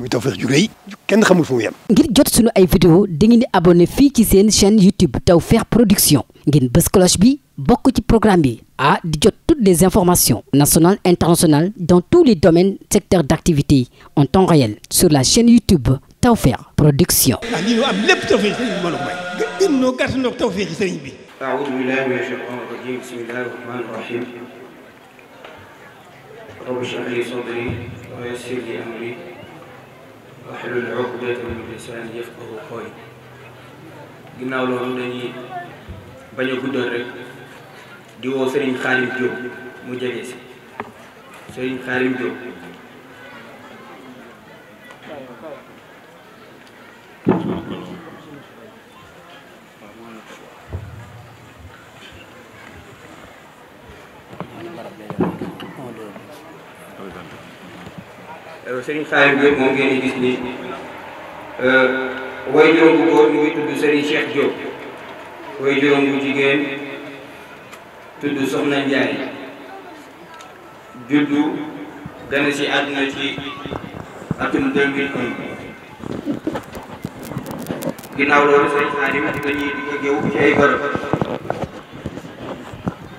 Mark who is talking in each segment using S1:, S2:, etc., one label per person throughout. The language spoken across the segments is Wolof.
S1: muy Tawfekh ju rëy
S2: ngir jot sunu ay vidéo dangeen di abonné fii ci seen chaîne YouTube Tawfekh Production ngeen bës bi bokk ci programme bi a di jot toutes les informations nationales internationales dans tous les domaines secteurs d'activité en temps réel sur la chaîne YouTube Tawfekh Production.
S3: ah lii ñu am lépp Tawfekh sëriñ bi mbooloo mooy. gën gën ñoo gàtt ñoo
S4: bi. waxlul uqdatan min lisaani yafqahu qawli ginnaaw loolu dañuy bañ a rek di woo Serigne Khadim Diop mu jege si Serigne Khadim Diop Serigne Xaadim Diop moom ngeen di gis nii euh, way juróom bu góor tudd Serigne Cheikh Diop way juróom jigéen tudd Soxna Njaay juddu gane si àdduna ci atum 2001 loolu Serigne Xaadim di ko ñuy di ko jëw ci ay bërëb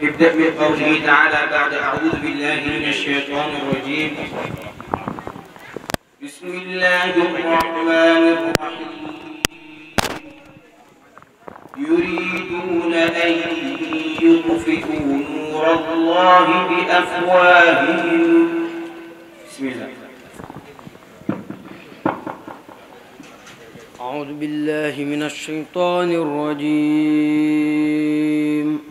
S4: ابدأ بقوله تعالى بعد أعوذ بالله من الشيطان الرجيم بسم الله الرحمن الرحيم يريدون أن يطفئوا نور الله بأفواههم بسم الله
S5: أعوذ بالله من الشيطان الرجيم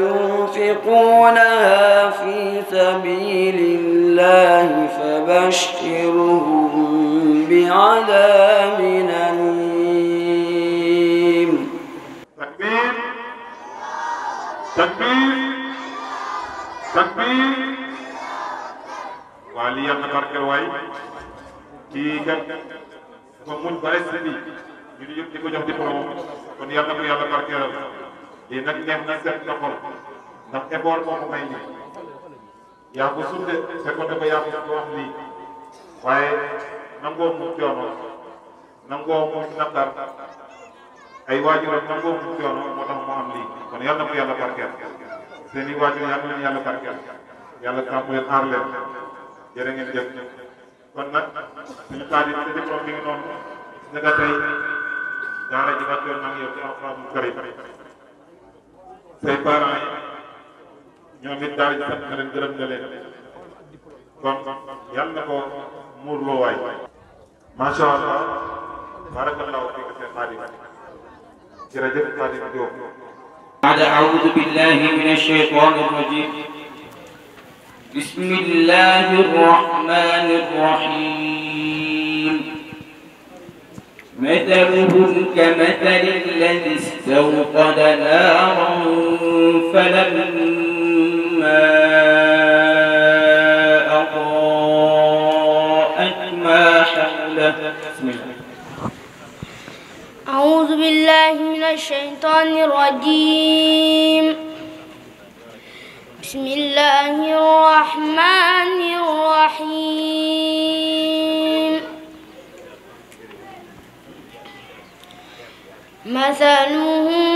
S5: ينفقونها في سبيل الله فبشرهم بعذاب أليم تكبير تكبير
S1: تكبير وعلي بن بركل واي kii kat dafa muñ ba rek sëñ bi ñu di ko jox diplôme kon yàlla na ko yàlla barkeelal lii nag neex na seet na xol ndax effort moo ko may nii yaa ko sunde fekkoon dafa yaa ko wax lii
S6: waaye nangoo mu coono
S1: nangoo ay waajuram nangoo mu coono mu am lii kon yal na ko yàlla barkeel seen i waajur yal na leen aar leen kon nag suñu xaalis bi dëkk moom mi noonu gis tey daara ji ma doon nag yow ci alxuraan say parents yi ñoom it daal di sant na leen gërëm na leen kon yàlla na ko muur loo waay. macha allah barakallahu fi ka seen xaadim jërëjëf xaadim Diop.
S4: بعد أعوذ بالله من الشيطان الرجيم بسم الله الرحمن الرحيم مثله كمثل الذي استوقد نارا فلما أضاءت ما حوله
S2: أعوذ بالله من الشيطان الرجيم بسم الله الرحمن مثله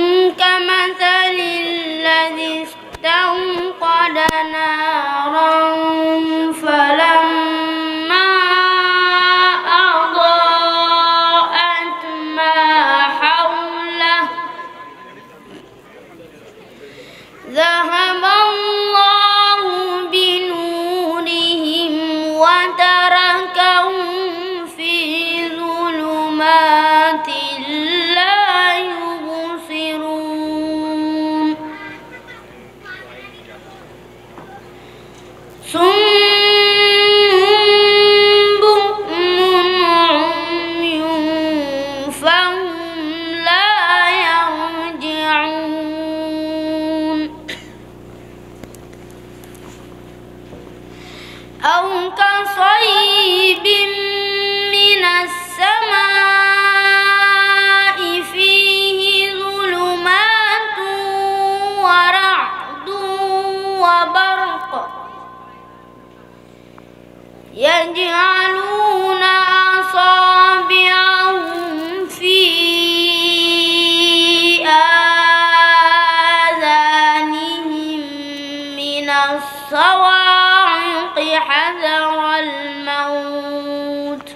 S2: يجعلون أصابعهم في آذانهم من الصواعق حذر الموت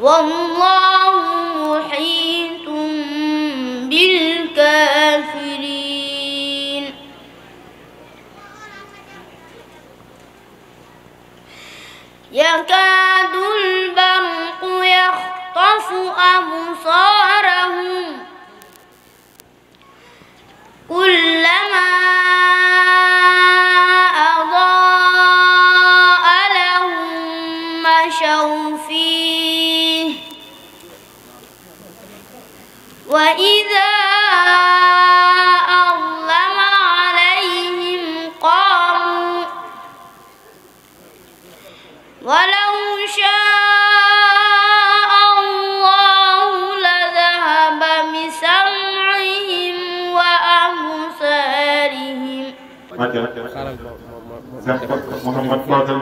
S2: والله يكاد البرق يخطف أبصارهم كلما ولو شاء الله لذهب بسمعهم وأبصارهم
S1: محمد فاضل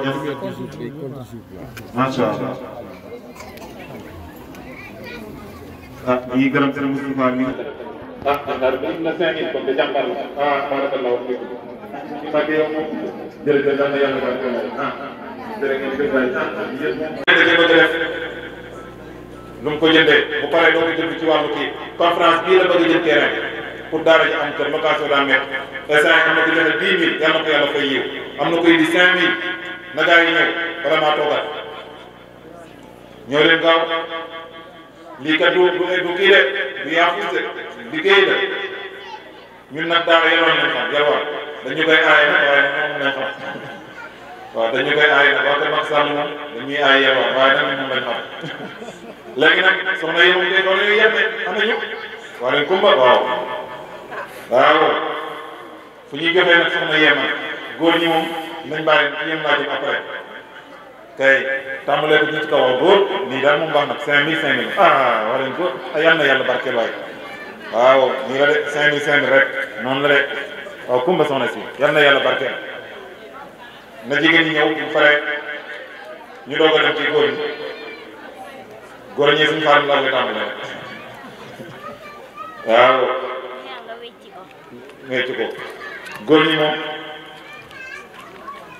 S1: ما شاء الله ah ñuy gërëm seen Moustapha mi. ah Dakar bi am na cinq mille kon de jàmbaar la. ah barakallahu fiikum. yow moom jërëjëf daal na yàlla barkeel ah. jërë ngeen jëf mu ko jëndee bu paree doo ko jënd ci wàllu kii conférence bii la bëgg a jënd pour daara ji am kër location daa mel instant yi am na ko joxe dix mille yàlla ko yàlla koy yiw am na ko indi cinq mille na gaa yi ñëw vraiment toogal ñoo leen gaaw lii kat du du kii de du yaafus de liggéey la ñun nag daara yalwaan lañ xam yalwaan dañu koy aaye nag waaye xam. waaw dañu koy aaye nag waxte mag sàmm moom dañuy aaye yeewal waaye tamit moom nag soxna yi moom dee doon yooyu yem de am nañu waa leen kumba waaw waaw fu ñuy jëfee nag soxna yema góor ñi moom nañ bàyyi yem laa jëm après tey tàmbalee ko ci kaw góor nii daal moom baax nag cinq mille cinq mille ah waa leen ah, waaw nii la de cinq mille cinq mille rek noonu la si yal na yàlla barkeel na jigéen ñi ñëw bu pare ñu doog a dem ci góor ñi góor ñi suñu fànn laa koy tàmbalee waaw wecci ko góor ñi moom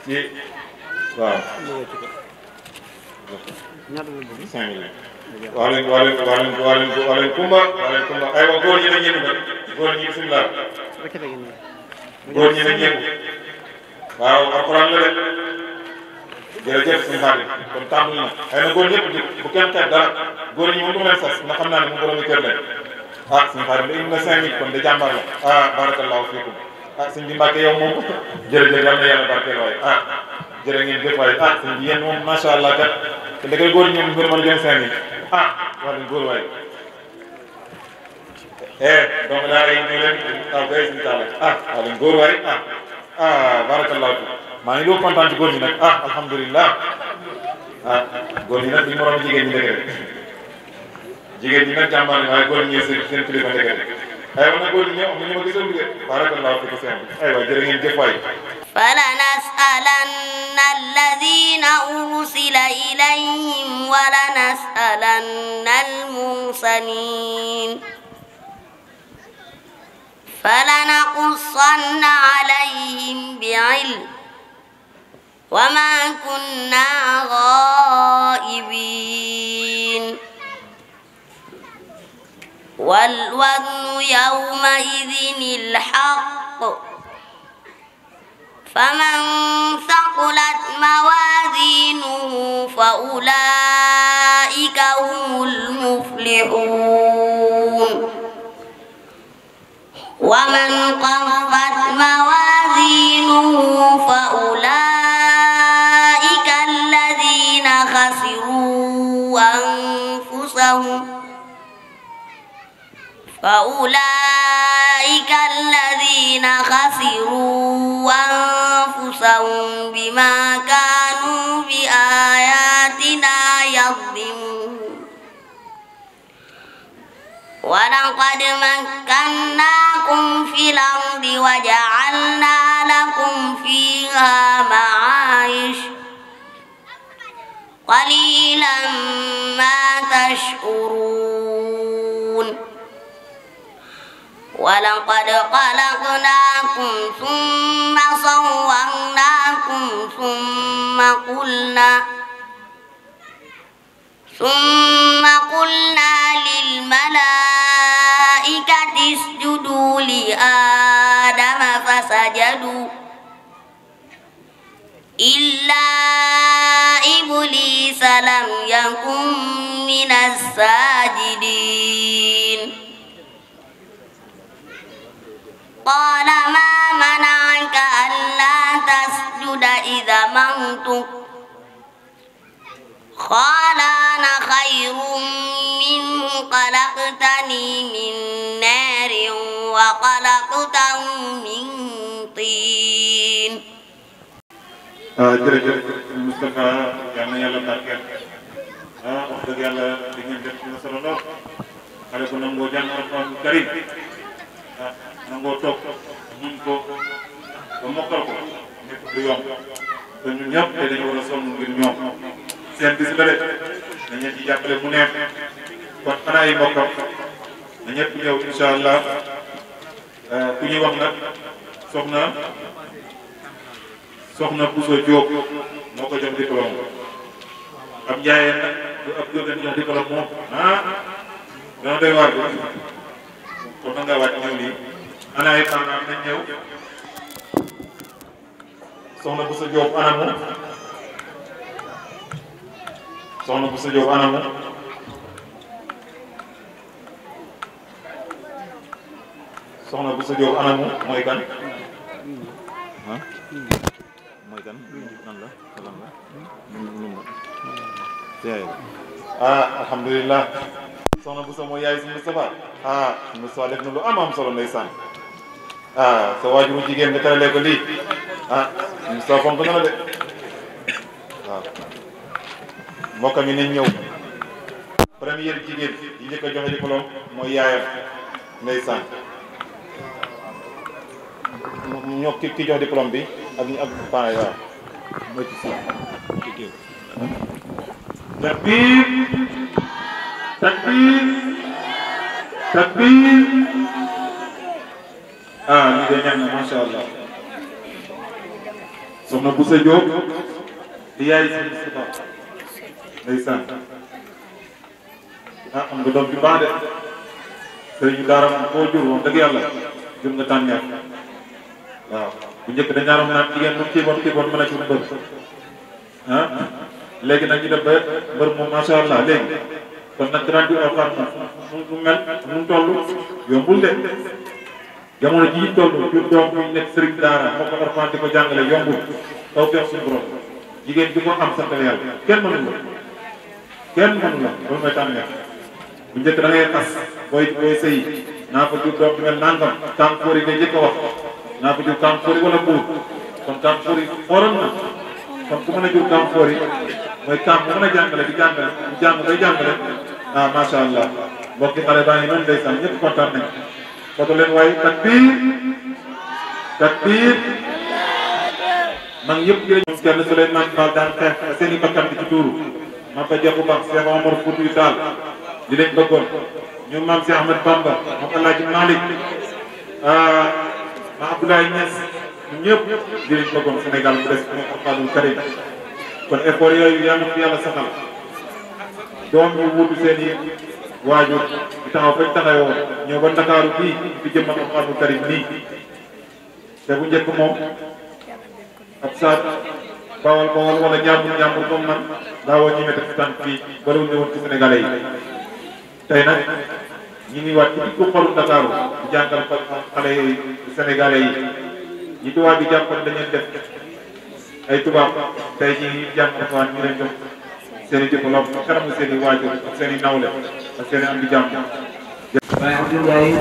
S1: ci waaw cinq mille waa leen waa leen waa leen waa leen waa leen kumba waa leen kumba ay wa góor ñi na ñëw góor ñi bisimilah góor ñi na ñëw waaw alxuraan la de jërëjëf suñu xaalis kon tàmbali na xëy na góor ñëpp di bu kenn xeeb dara góor ñi moom du leen sas ndax xam naa ne moom borom kër leen ah suñu xaalis da indi na cinq kon da jàmbaar ah barakallahu fiikum ah suñ bi mbàkke yow moom jërëjëf yal na yàlla barkeel waaye ah jërë ngeen jëf waaye ah suñ bi yéen moom allah kat te dëgg góor ñi moom góor mën a jëm cinq mille ah wax dëgg góor waaye eh donc daa rey ñu leen aw gay ah wax dëgg góor waaye ah ah barakallahu maa ngi doon kontaan ci góor ñi nag ah alhamdulilah ah góor ñi nag duñu moroom jigéen ñi ndekete jigéen ñi nag jàmbaar waaye góor ñi seen seen kilifa ndekete aywa nag góor ñi ñëw ñu ma gisoon liggéey barakallahu fi ko seen aywa jërë ngeen jëf waay
S7: فلنسألن الذين أرسل إليهم ولنسألن المرسلين فلنقصن عليهم بعلم وما كنا غائبين والوزن يومئذ الحق فمن ثقلت موازينه فأولئك هم المفلحون ومن خفت موازينه فأولئك الذين خسروا أنفسهم فأولئك الذين خسروا أنفسهم بما كانوا ولقد مكناكم في الأرض وجعلنا لكم فيها معايش قليلا ما تشكرون ولقد خلقناكم ثم صورناكم ثم قلنا ثم قلنا للملائكة اسجدوا لآدم فسجدوا إلا إبليس لم يكن من الساجدين قال ما منعك ألا تسجد إذا منتك قال أنا خير منه خلقتني من نار وخلقته من طين
S1: jërëjëf Moustapha yal na yàlla barkeel ah wax dëgg yàlla di ngeen def na solo lool xale bu nangoo jàng alxuraan karim ah nangoo toog mun ko ba mokkal ko nekk du yomb te ñun ñëpp te dañu war a sonn ngir ñoom seen bis la de nañ leen ci mu neex kon xanaa yi mbokkam na ñëpp ñëw incha allah euh, ku ñuy wax nag soxna soxna Bousso Diop moo ko jox diplôme am njaayeen nag du ab jóg ah, ñëw nii xanaa yi am nañ ñëw soxna Bousso Diop anamu soxna bu sa Diop anam la soxna bu sa Diop anam mooy kan mooy kan nan
S6: ah alhamdulilah
S1: soxna bu sa mooy yaay si Moustapha ah Moustapha def na lu am am solo ndeysaan ah sa waajuru jigéen nga teralee ko lii ah Moustapha fonk na la de waaw ah. mbokk mi nañ ñëw première jigéen yi njëkk joxe diplôme mooy yaayam ndeysaan ñoo ki ki jox diplôme bi ak ñu ak parents waaw mooy si takbir takbir takbir ah li de ñam na masha allah soxna Boussa Diop di yaay si ndeysaan ah am nga doom ju baax de sëriñu daara moom koo jur moom dëgg yàlla jur nga tànneef waaw bu njëkk dañ naan naan jigéen moom kii bon kii a jur mbër ah léegi jur alxames moom mu de jamono ji ñu toll jur doom muy nekk sëriñ daara moo ko ko jàngale yombul taw feex suñu jigéen bi ko am santal yàlla kenn mënu ko kenn mënu la loolu mooy bu njëkk da ngay tas booy naa ko jur doom bi mel nangam tànkoor yi nga a wax naa ko jur tànkoor yi wala buur kon tànkoor yi xooloon na kon ku mën a jur tànkoor mooy tànk bu mën a jàngale di jàngale di jàng bay jàngale ah macha allah mbokki xale baa ngi noonu ndeysaan ñëpp kontaan nañ foto leen waaye takbiir takbiir mag ñëpp jërëjëf kenn Souleymane Fall daan xeex seen i bakkan di ci ma Jaxu Ba Cheikh Omar Foutiyou Tall di leen bëggoon ñoom maam Cheikh Ahmed Bamba moom El Hadj Malick ah, ma Abdoulaye Niass ñëpp di leen bëggoon Sénégal mu des mu kon effort yooyu yàlla fi yàlla saxal doom yu wutu seen i taxaw fañ taxawoo ñëw ba Ndakaaru bii fi jëm ak Alxuraanul Kariim nii te bu njëkk moom ab bawol bawol wala njàmbur njàmbur comme man daawoo ñi mete tan fii bala ñu woon ci sénégalais yi tey nag ñi ngi waat ci ku xolu Dakar di jàngal ko xale yi sénégalais yi ñi tubaab bi jàppoon dañuy def ay tubaab tey ñi ngi jàngal ñu leen jox seen i diplôme ak waajur ak nawle ak seen i am waaye Abdoulaye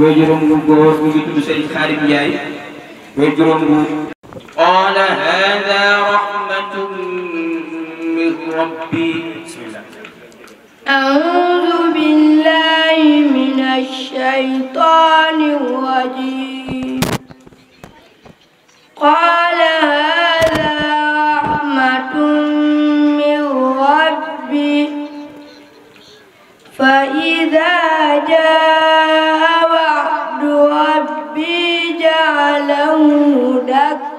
S4: waaye juróom bu góor bu ngi tudd sëñ juróom bu قال هذا رحمة من
S6: ربي بسم الله
S2: أعوذ بالله من الشيطان الرجيم قال هذا رحمة من ربي فإذا جاء وعد ربي جعله دكا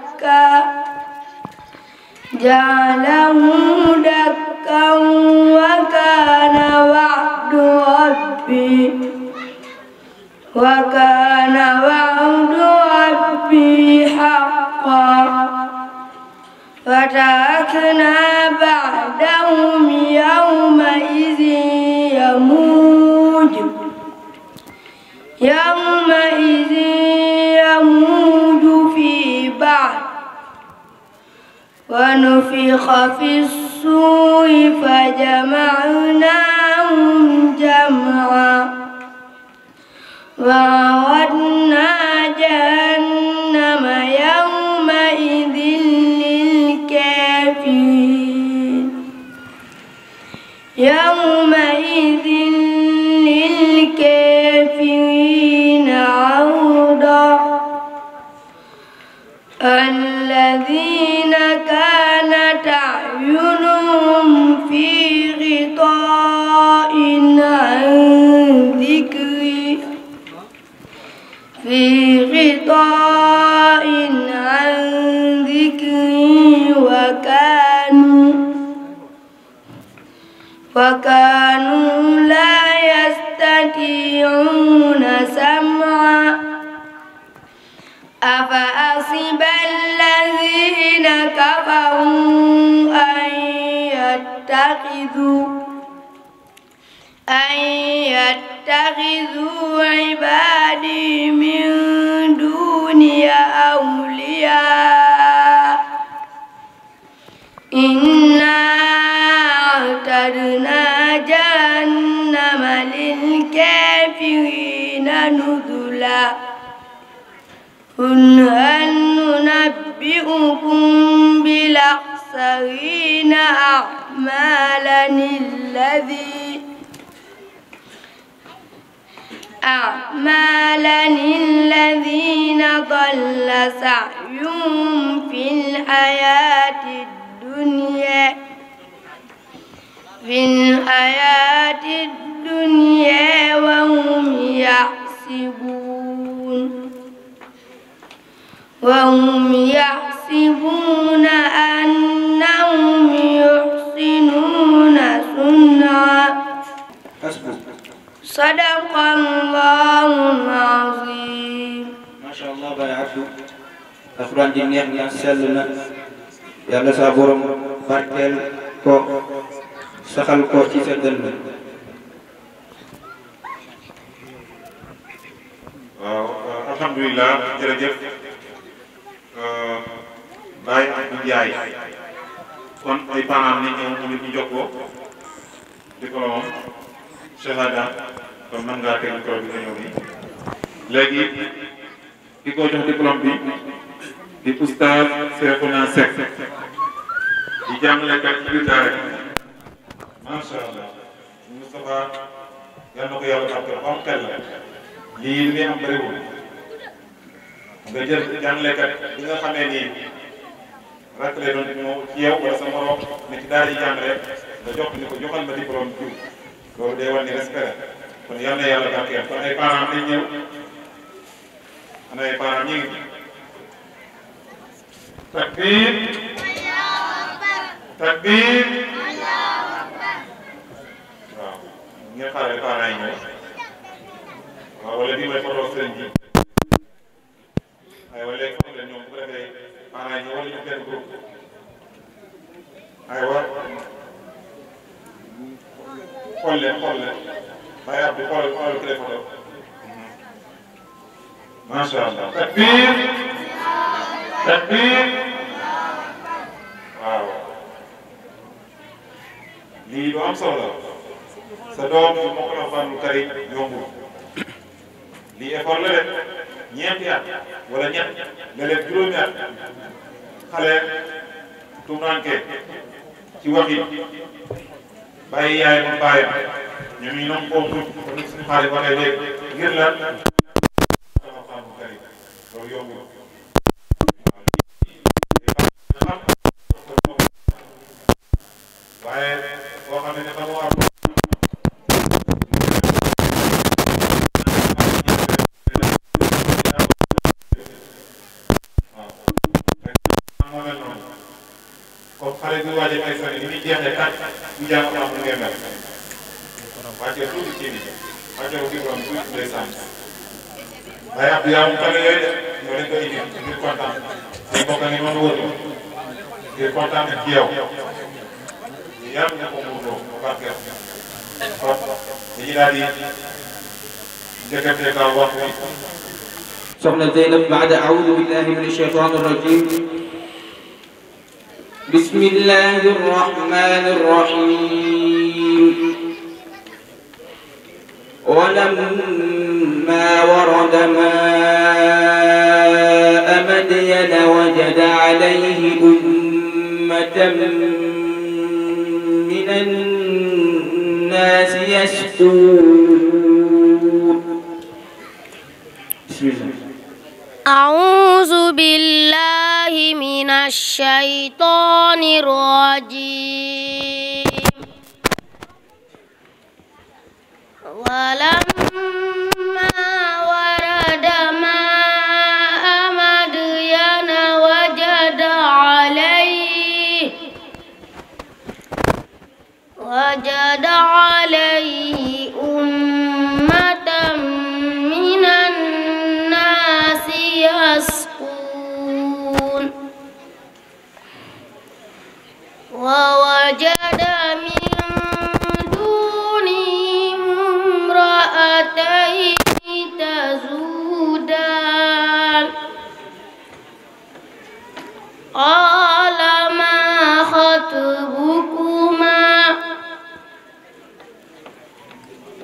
S2: جعله دكا وكان وعد ربي وكان وعد ربي حقا فتركنا بعد ونفخ في الصور فجمعناهم جمعا وعودنا في غطاء عن ذكري وكانوا وكانوا لا يستطيعون سمعا أفأصب الذين كفروا أن يتخذوا أن يتخذوا عبادي من دوني أولياء إنا أعتدنا جهنم للكافرين نزلا قل هل ننبئكم بالأخسرين أعمالا الذي أعمالا الذين ضل سعيهم في الحياة الدنيا في الحياة الدنيا وهم يحسبون وهم يحسبون أنهم يحسنون صنعا sadaqallahul aziim
S4: macha allah Baye Abdou alxuraan ji neex na sell na yàlla sa borom barkeel ko saxal ko ci sa dënn
S1: waaw ah, alhamdulilah jërëjëf ah, Baye Abdou Ndiaye kon ay parents ni ñëw eh, ñu jox ko diplôme shahada kon mën ngaa teg micro bi nga ñëw nii léegi ki ko jox diplôme bi di oustaz Cheikhouna Seck di jàngalekat ci biir daara macha allah Moustapha yal na ko yàlla xam xel la lii li muy am bëriwul nga jël jàngalekat bi nga xamee nii rakk lay doon moo ci yow wala sa morom ne jàng rek nga jox ni ko joxal ma diplôme jiw loolu day wan ni respect kon yal na yàlla barkeel kon ay parents nañ ñëw ana ay parents ñu ngi takbir takbir waaw ngeen xaar ay parents yi ñëw waaw wala bii mooy photo sëriñ bi ay wala léegi xam ñoom bu ko defee parents yi ñëw wala ñu benn groupe ay wa xool leen Baye Abdou xoolal xoolal ku def photo macha allah takbir takbir lii lu solo sa doom bi moo ko doon fànn kari yombul lii effort la leen ñeenti at wala ñett la leen juróomi at xale tumaanke ci wax bàyyi yaay moom bàyyam ñu ngi ñoom koo tudd kon suñu xaalis waxee léegi ngir lan sama xam kari loolu yombul sant ci yow ñu yàgg ñu ko muurloo mu barkeel kon dañuy daal di njëkkante kaw waxtu bi.
S4: soxna Zeynab baada audu billahi min alcheytan arrajim bismillahi arrahmani arrahim ولما ورد ماء مدين وجد عليه أمة من الناس يشكون
S6: بسم الله
S2: أعوذ بالله من الشيطان الرجيم ولما وجد عليه أمة من الناس يسقون ووجد من دونهم امرأتين تزودان قال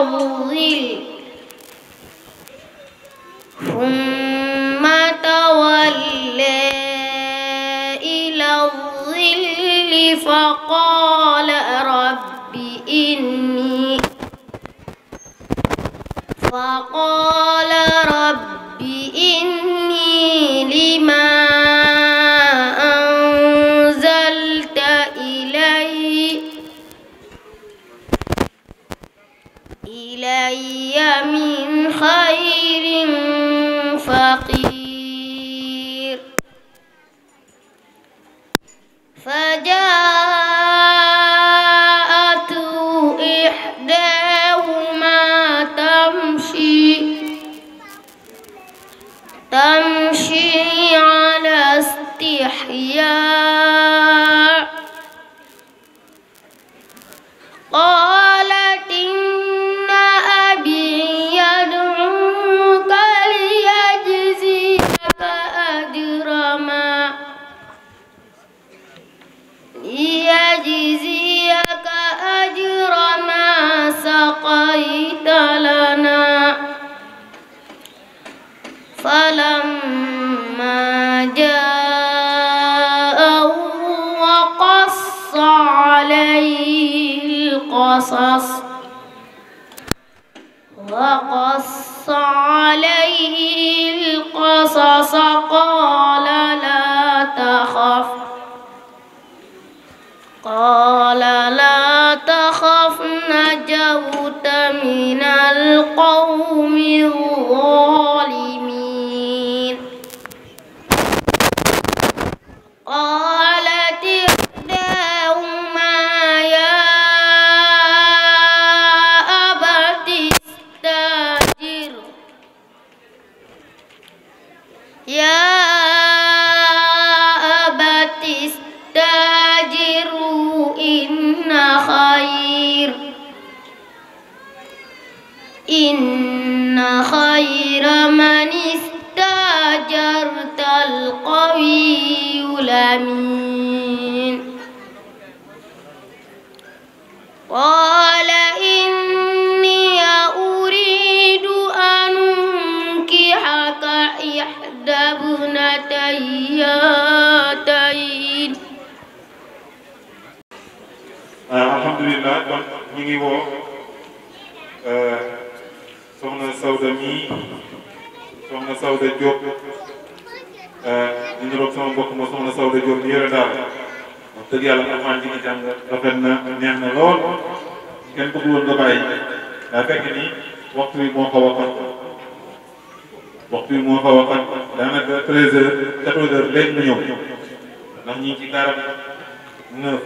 S2: الأرض ثم تولى إلى الظل فقال رب إني فقال رب إني لما أوتي من خير فقير فجاء فلما جاءه وقص عليه القصص وقص عليه القصص قال لا تخف قال لا تخف نجوت من القوم الظالمين آمين قال إني أريد أن أنكحك إحدى ابنتي هاتين
S1: الحمد لله kon ñu ngi woo soxna Sawda mi soxna Sawda Diop Eh, ñu niroog sama mbokk moo soxna Sow de Dior di yore daal wax dëgg yàlla alxuraan ji nga jàng rafet na neex na lool kenn bëgg woon nga bàyyi daa fekk ni waxtu wi moo ko waxoon waxtu wi moo ko waxoon daanaka treize heures quatorze heures léegi mu ñëw ndax ñi ci quarante neuf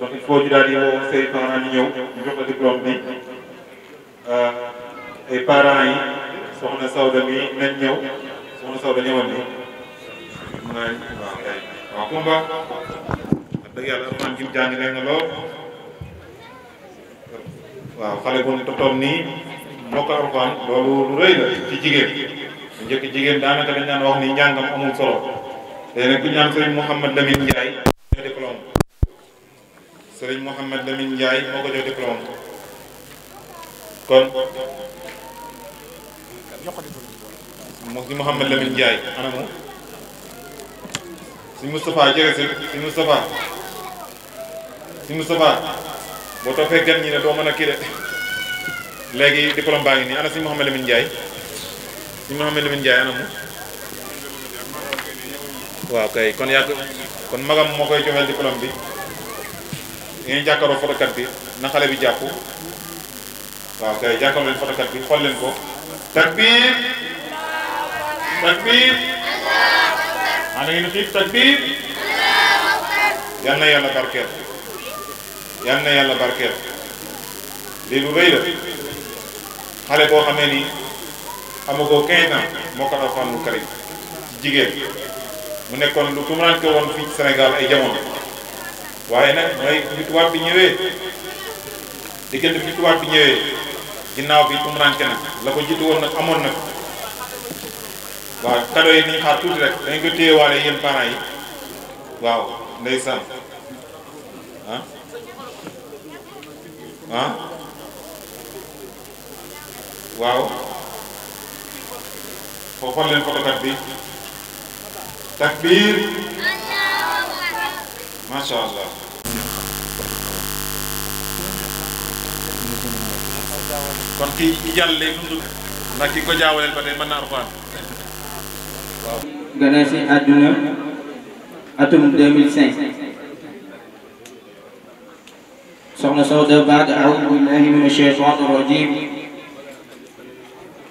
S1: donc il faut ñu daal di woo say parents ñu ñëw ñu jox la diplôme bi eh, ay parents yi soxna nii mën naa waaw kay waaw Kumba wax dëgg yàlla alxuraan jàng neex lool waaw xale bu toog nii mbokk alxuraan loolu rëy la ci jigéen njëkk jigéen daanaka dañ naan wax ni njàngam amul solo léegi nag bu ñu sëriñ Mouhamed Lamine Ndiaye moo ko jox diplôme kon moom si Mouhamed Lamine suñ Moustapha jërëjëf suñ Moustapha suñ Moustapha boo toppee gan ñi ne doo mën a kii de léegi diplôme baa ngi nii ana suñ Mouhamed Lamine Ndiaye suñ Mouhamed Lamine Ndiaye ana mu waaw kay kon yàgg kon magam moo koy joxeel diplôme bi ngeen jàkkaaroo fotokat bi na xale bi jàpp waaw kay jàkkaaroo fotokat bi xool leen ko takbir takbir maa ngi leen xiif takbir yal na yàlla barkeel yal na yàlla barkeel lii lu rëy la xale boo xamee ni amagoo 15 ans moo ko alxuraanul karim jigéen mu nekkoon lu tumuraan ko woon fii Sénégal ay eh, jamono waaye nag mooy bi tubaab bi ñëwee diggante bi tubaab bi ñëwee ginnaaw bi tumuraan ke nag la ko jiitu woon nag amoon nag waaw cadeau yi nañu xaar tuuti rek dañ ko téyewaale yéen parents yi waaw ndeysaan ah ah waaw foo leen fotokat bi takbir macha allah kon ki ki jàll léegi ki ko jaawaleel ba tey mën na arfaan gane si àdduna
S4: atum 2005 soxna Sawda baat a'uudu billahi mina shaytaani rajiim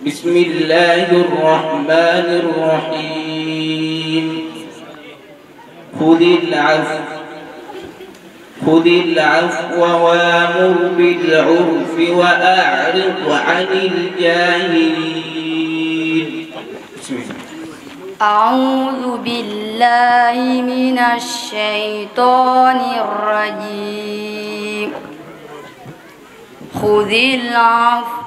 S4: bismillahi rahmaani rahiim xudil afwa xudil afwa wa'mur bil urfi wa a'rid anil
S6: jaahiliin
S2: أعوذ بالله من الشيطان الرجيم خذ العفو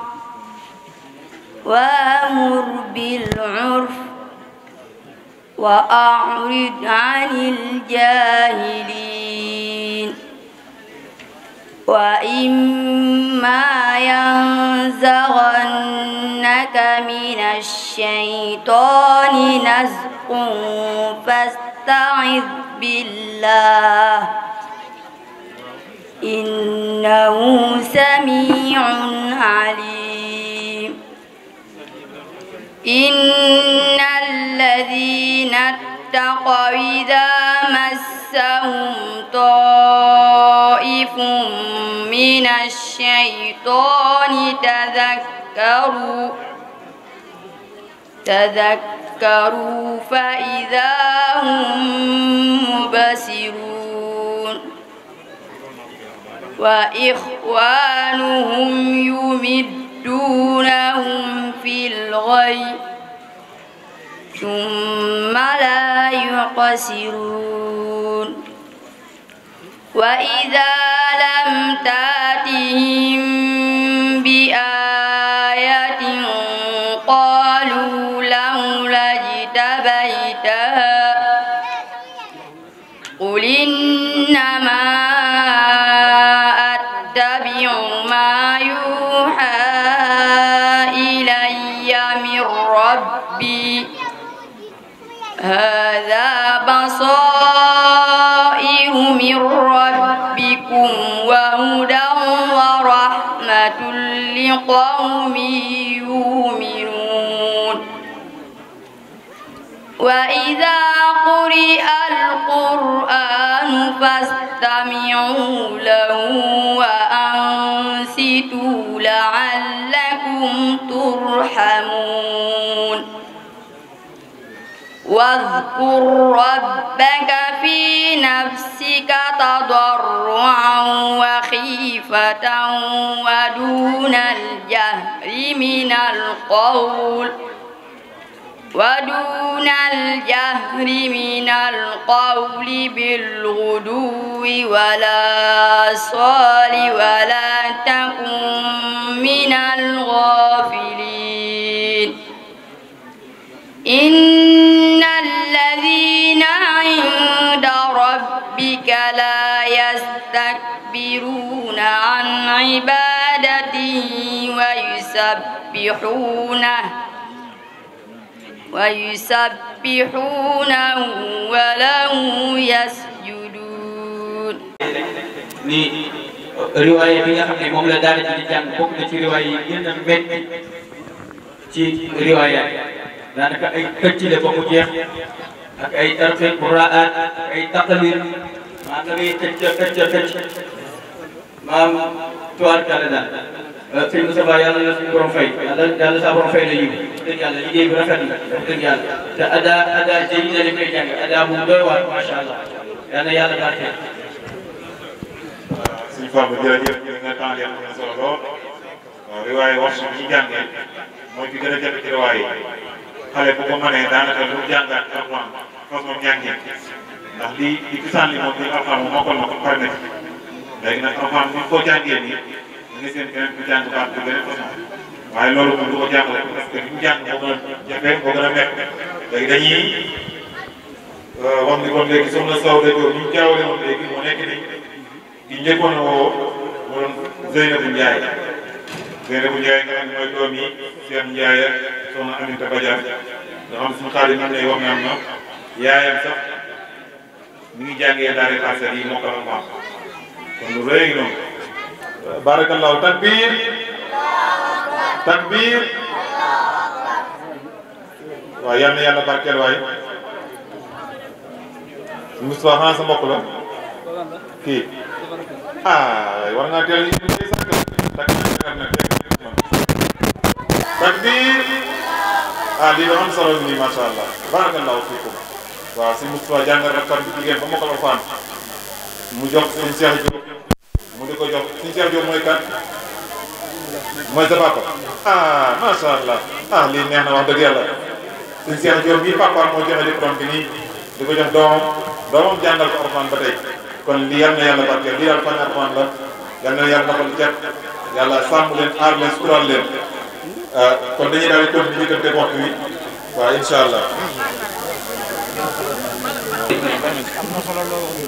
S2: وأمر بالعرف وأعرض عن الجاهلين وإما ينزغنك من الشيطان نزغ فاستعذ بالله إنه سميع عليم إن الذين اتقوا إذا مسهم طائف من الشيطان تذكروا تذكروا فإذا هم مبصرون وإخوانهم يمدونهم في الغيب ثم لا يقصرون وإذا لم تاتهم بآية قالوا لولا اجتبيتها قل إنما أتبع ما يوحى إلي من ربي هذا بصائر من ربكم وهدى ورحمة لقوم يؤمنون وإذا قرئ القرآن فاستمعوا له وأنصتوا لعلكم ترحمون واذكر ربك في نفسك تضرعا وخيفة ودون الجهر من القول ودون الجهر من القول بالغدو ولا صال ولا تكن من الغافلين إن الذين عند ربك لا يستكبرون عن عبادته ويسبحونه ويسبحونه وله يسجدون
S4: ni riwaay bi nga xam ne moom la daara ji di jàng bokk na ci riwaay yi gën a métti ci riwaayaat daanaka ay këccile ba mu jeex
S6: ak ay tarqi quraat ay taqrir
S4: maa nga ngay këcc këcc këcc maam tuwaar kale daal
S6: euh, sëñ Moustapha yàlla na suñu borom fay yàlla yàlla sa borom fay la yiw
S4: wax dëgg yàlla liggéey bu rafet la wax dëgg yàlla te ada ada jëy na li koy jàng ada bu doy waar macha allah
S1: yal na yàlla barkeel suñu Famba jërëjëf ñu nga temps li am na solo lool riwaay wax ñu jàngee mooy fi gën a jafe ci riwaay yi xale bu ko mënee daanaka lu jàngat alxuraan foofu moom njàngee ndax lii li ci sànni moom li alxuraan moom mokkal na ko pare nekk léegi nag alxuraan ni koo jàngee nii da nga seen keneen bu jàng baax bu beneen façon waaye loolu moom du ko jàngale parce que li mu jàng moo gën a jafe moo gën a nekk léegi dañuy euh, wax ni kon léegi soxna Sow de ñu jaawale woon léegi moo nekk nii ki njëkkoon woo mu doon Zeynabou Ndiaye Seynabou Ndiaye nga xam ne mooy doom yi Cheikh Ndiaye ak soxna Aminata Badiane nga xam ne suñu xaalis mën nañu wax naan ñoom yaayam sax mi ngi jàngee daara parcelles yi moo ko kon lu rëy noonu. barakallahu takbir takbir waaw yal na yàlla barkeel waay Moustapha xanaa sa mbokk la kii ah war ngaa teel a takbir ah lii dafa am solo nii macha allah barakallahu fiikum waaw si Moustapha jàngal rakam bi jigéen ba ma ko alxuraan mu jox mu ko jox suñu Cheikh Diop mooy kan mooy sa papa ah macha allah ah lii neex na wax dëgg yàlla suñu Cheikh Diop mii papa moo joxe diplôme bi nii di ko jox doomam doomam jàngal ko alxuraan ba tey kon lii yal na yàlla barkeel lii daal aar leen sutural leen. Euh, kon dañuy daal di continuer diggante waxtu wi waaw incha allah.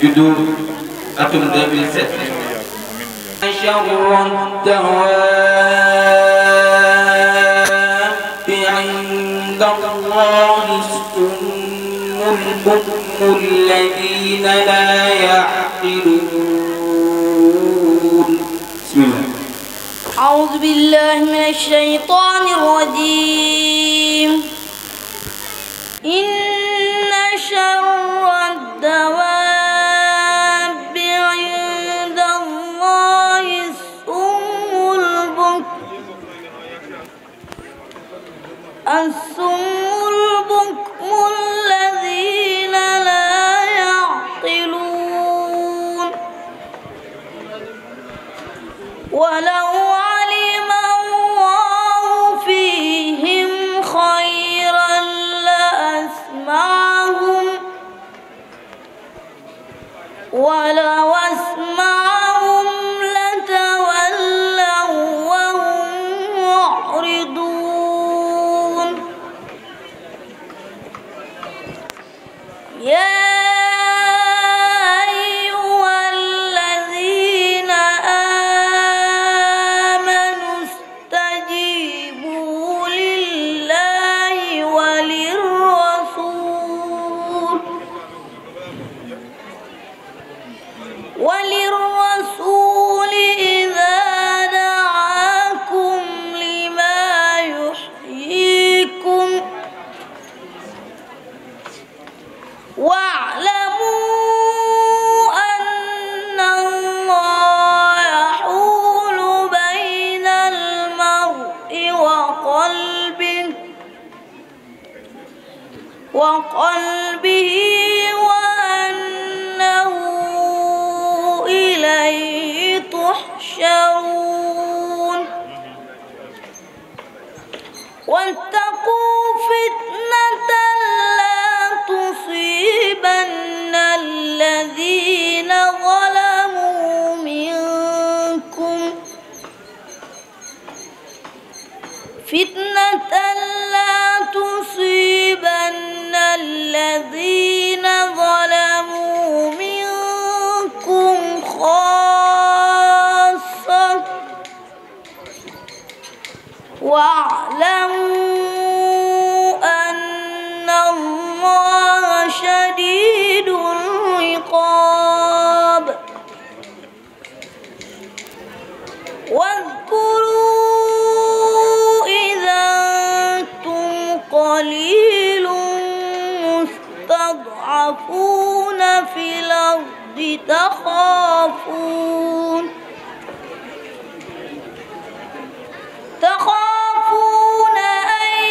S1: juddu atum 2007.
S4: الذين لا يعقلون
S2: أعوذ بالله من الشيطان الرجيم إن شر الدواب عند الله السم البكم السم البكم الذين لا يعقلون ولو fitnatan تخافون تخافون أن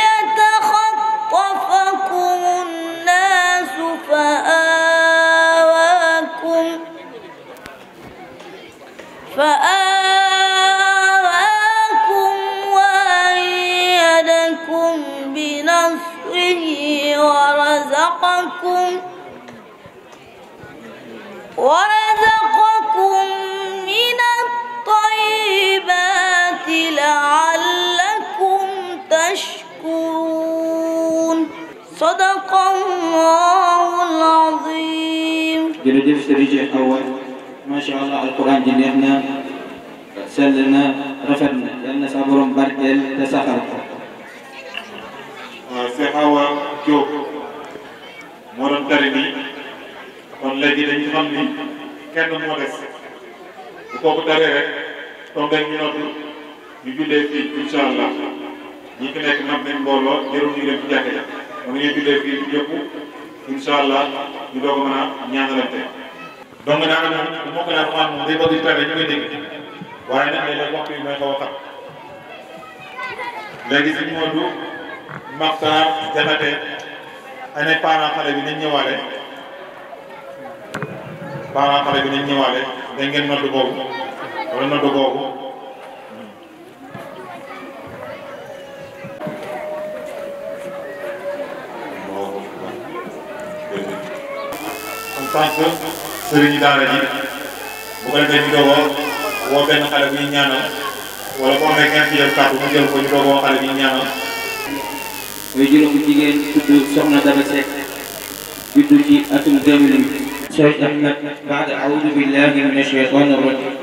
S2: يتخطفكم الناس فآواكم فآواكم وأيدكم بنصره ورزقكم ورزقكم من الطيبات لعلكم تشكرون صدق الله العظيم
S4: jërëjëf Serigne Awa macha allah alquran ji neex na sell na rafet na yal na sa borom barkeel te saxal ko waaw
S1: Serigne Awa Diop moo doon tari nii kon léegi dañu xam ni kenn moo des bu kooku daree rek tombé ñu noppi ñu jullee fii incha allah ñi fi nekk nag ñu dem fii ñu jëpp incha allah ñu doog a a ñaanalante. donc daanaka moom bu ma ko daan wax moom day di tawee ñu koy dégg waaye nag léeg-léeg waxtu yi mooy xaw a léegi si Modou Makhtar Diakhaté année parent xale bi nañ ñëwaale. baanaa xale bi nañ ñëwaale dañ ngeen noddu boobu wala noddu boobu en tant que sëriñu daara ji bu ko defee ñu woo benn xale bu ñu ñaanal wala boo amee kenn ci jël kàddu mu jël ko ñu doogoo xale bi ñu ñaanal muy juróom jigéen tudd Soxna Daba Seck juddu ci atum
S4: 2008 سيد أحمد بعد أعوذ بالله من الشيطان الرجيم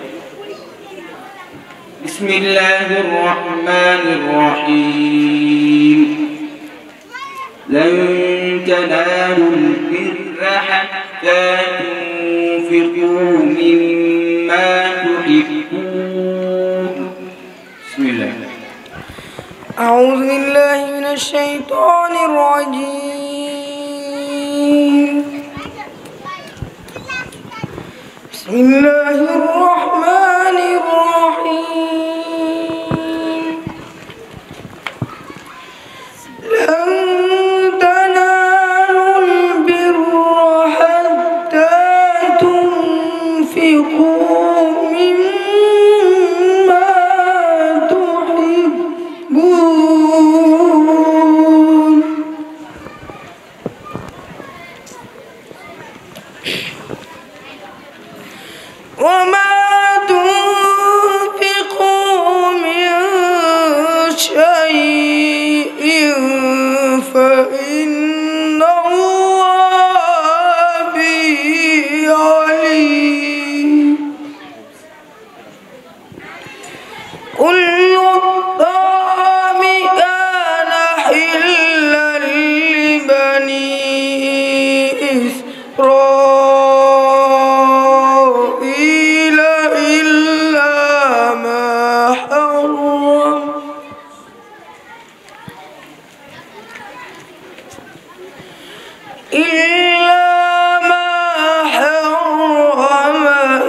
S4: بسم الله الرحمن الرحيم لن تنالوا البر حتى تنفقوا مما
S5: تحبون
S6: بسم الله
S3: أعوذ بالله من الشيطان الرجيم الله الرحمن الرحيم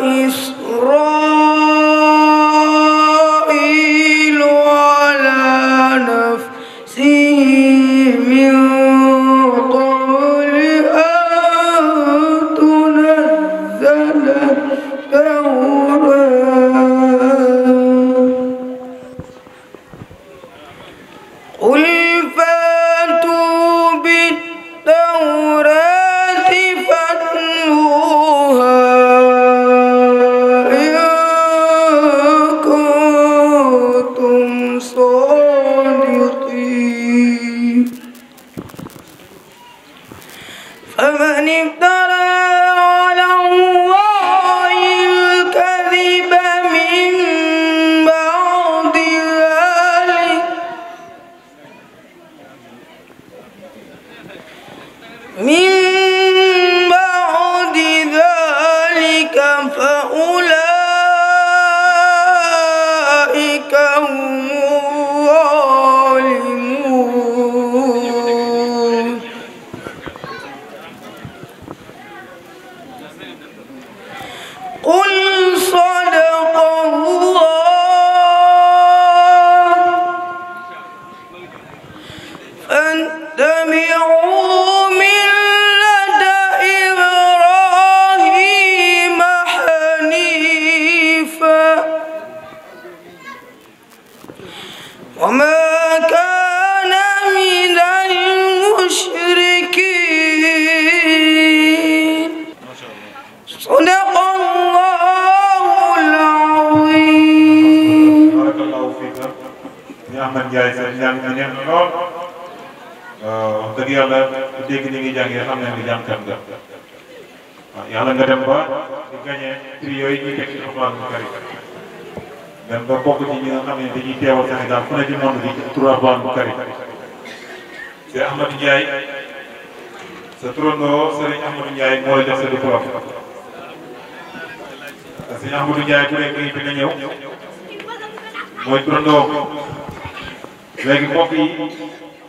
S3: رئيس
S1: na nga dem ba di gagné prix yooyu ñuy teg ci Alxuraan karim dem ba bokk ci ñi nga xam ne dañuy teewal Sénégal fu ne ci monde bi ci Alxuraan karim te Amadou Ndiaye sa turandoo Serigne Amadou Ndiaye moo la jox sa diplôme te Serigne Amadou Ndiaye ku nekk nii dina ñëw mooy turandoo léegi mbokk yi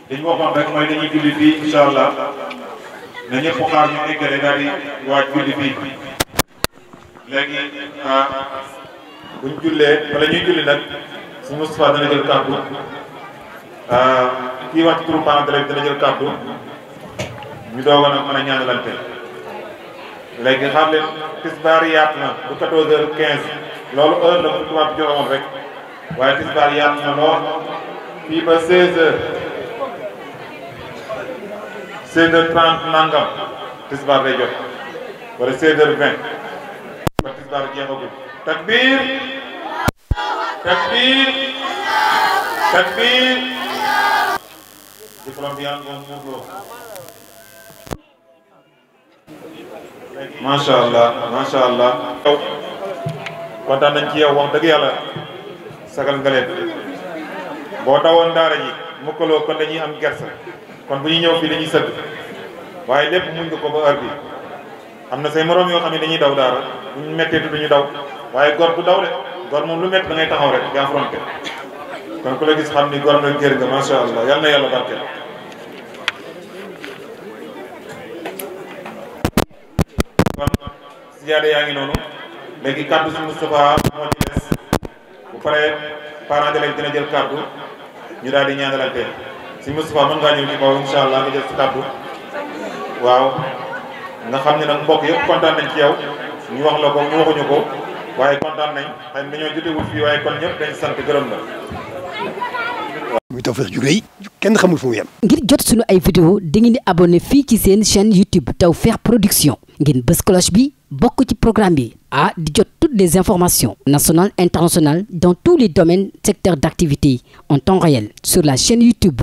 S1: dañu waxoon rek mooy dañuy julli fii incha allah. na ñëpp xaar ñu eggale daal di waaj julli fii léegi ah, buñ jullee wala ñuy julli nag su Moustapha dana jël kàddu ah, kii wax ci turu parent rek dana jël kàddu ñu doogoon a mën a ñaanalante léegi xam tisbaar yaat na bu 14 heures 15 loolu heure la bu tubaab joxoon rek waaye tisbaar yaat na lool fii ba 16 heures seize heures trente nangam tisbaar day jot wala vingt ba tisbaar jeexagul takbir takbir takbir diplôme bi am ñoom ñoo ko macha allah macha allah kontaan nañ ci yow yàlla sagal nga leen boo dawoon daara ji mukkaloo kon dañuy am gersa kon bu ñuy ñëw fii dañuy sëgg waaye lépp muñ nga ko ba heure bi na say moroom yoo xam ne dañuy daw daara bu ñu méttee duñu daw waaye gor bu daw de gor moom lu métti da taxaw rek nga affronté kon ku la gis xam ni gor nga gér nga na yàlla barkeel yaa ngi noonu léegi kàddu suñu Moustapha moo ci des bu paree parent de dina jël kàddu ñu daal di ñaanalante suñu Moustapha mën ngaa ñëw ci kaw incha allah nga jël si kàddu waaw nga xam ne nag mbokk yëpp kontaan nañ ci yow ñu wax la ko ñu waxuñu ko waaye kontaan nañ xam ne dañoo jotewul fii waaye kon ñëpp dañ sant gërëm la. muy Tawfekh
S2: jot suñu ay vidéo dangeen di abonné fii ci seen chaîne YouTube Tawfekh Production ngeen bës cloche bi bokk ci programme bi ah di jot toutes les informations national internationales dans tous les domaines secteurs d'activité en temps réel sur la chaîne YouTube